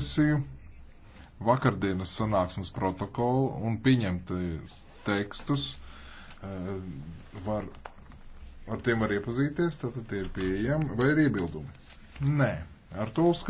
diskusiju, vakardienas sanāksmes protokolu un pieņemt eh, tekstus. Eh, var, ar tiem var iepazīties, tātad tie ir pieejami, vai ir iebildumi? Nē, ar to uzskatīt.